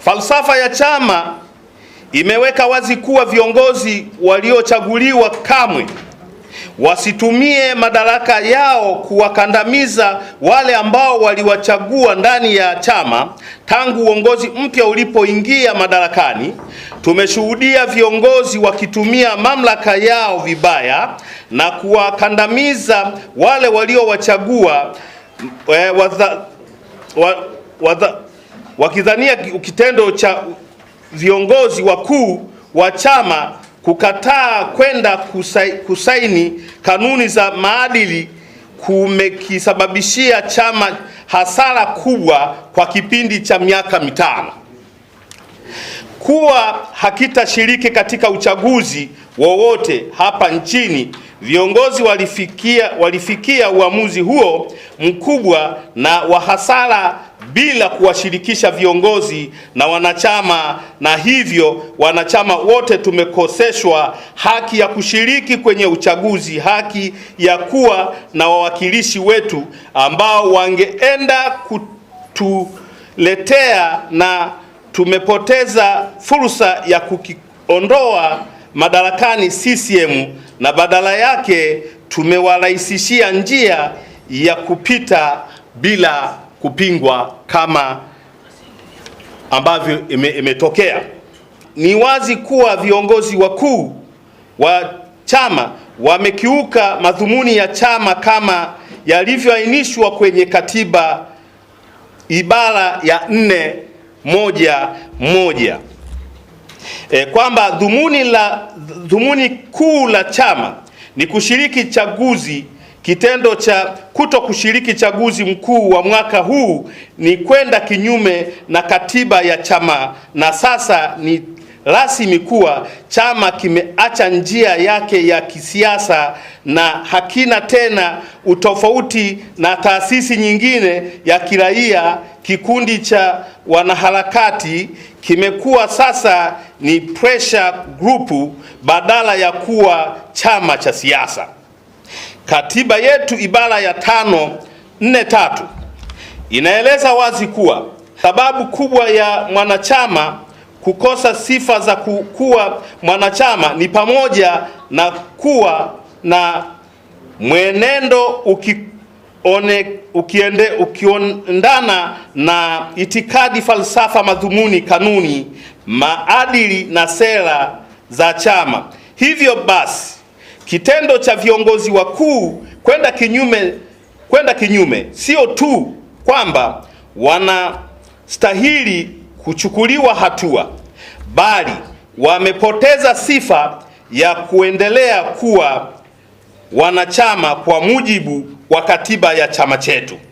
Falsafa ya chama imeweka wazi kuwa viongozi waliochaguliwa kamwe wasitumie madaraka yao kuwakandamiza wale ambao waliwachagua ndani ya chama. Tangu uongozi mpya ulipoingia madarakani, tumeshuhudia viongozi wakitumia mamlaka yao vibaya na kuwakandamiza wale waliowachagua eh, wadha, wa, wadha, wakidhania kitendo cha viongozi wakuu wa chama kukataa kwenda kusaini kanuni za maadili kumekisababishia chama hasara kubwa kwa kipindi cha miaka mitano. Kuwa hakitashiriki katika uchaguzi wowote hapa nchini Viongozi walifikia, walifikia uamuzi huo mkubwa na wa hasara bila kuwashirikisha viongozi na wanachama, na hivyo wanachama wote tumekoseshwa haki ya kushiriki kwenye uchaguzi, haki ya kuwa na wawakilishi wetu ambao wangeenda kutuletea, na tumepoteza fursa ya kukiondoa madarakani CCM na badala yake tumewarahisishia njia ya kupita bila kupingwa kama ambavyo imetokea. Ni wazi kuwa viongozi wakuu wa chama wamekiuka madhumuni ya chama kama yalivyoainishwa kwenye katiba ibara ya nne moja moja e, kwamba dhumuni la dhumuni kuu la chama ni kushiriki chaguzi. Kitendo cha kuto kushiriki chaguzi mkuu wa mwaka huu ni kwenda kinyume na katiba ya chama na sasa ni rasmi kuwa chama kimeacha njia yake ya kisiasa na hakina tena utofauti na taasisi nyingine ya kiraia. Kikundi cha wanaharakati kimekuwa sasa ni pressure group badala ya kuwa chama cha siasa. Katiba yetu ibara ya tano nne tatu inaeleza wazi kuwa sababu kubwa ya mwanachama kukosa sifa za kuwa mwanachama ni pamoja na kuwa na mwenendo ukione, ukiende, ukiondana na itikadi, falsafa, madhumuni, kanuni, maadili na sera za chama. Hivyo basi kitendo cha viongozi wakuu kwenda kinyume kwenda kinyume sio tu kwamba wanastahili kuchukuliwa hatua, bali wamepoteza sifa ya kuendelea kuwa wanachama kwa mujibu wa katiba ya chama chetu.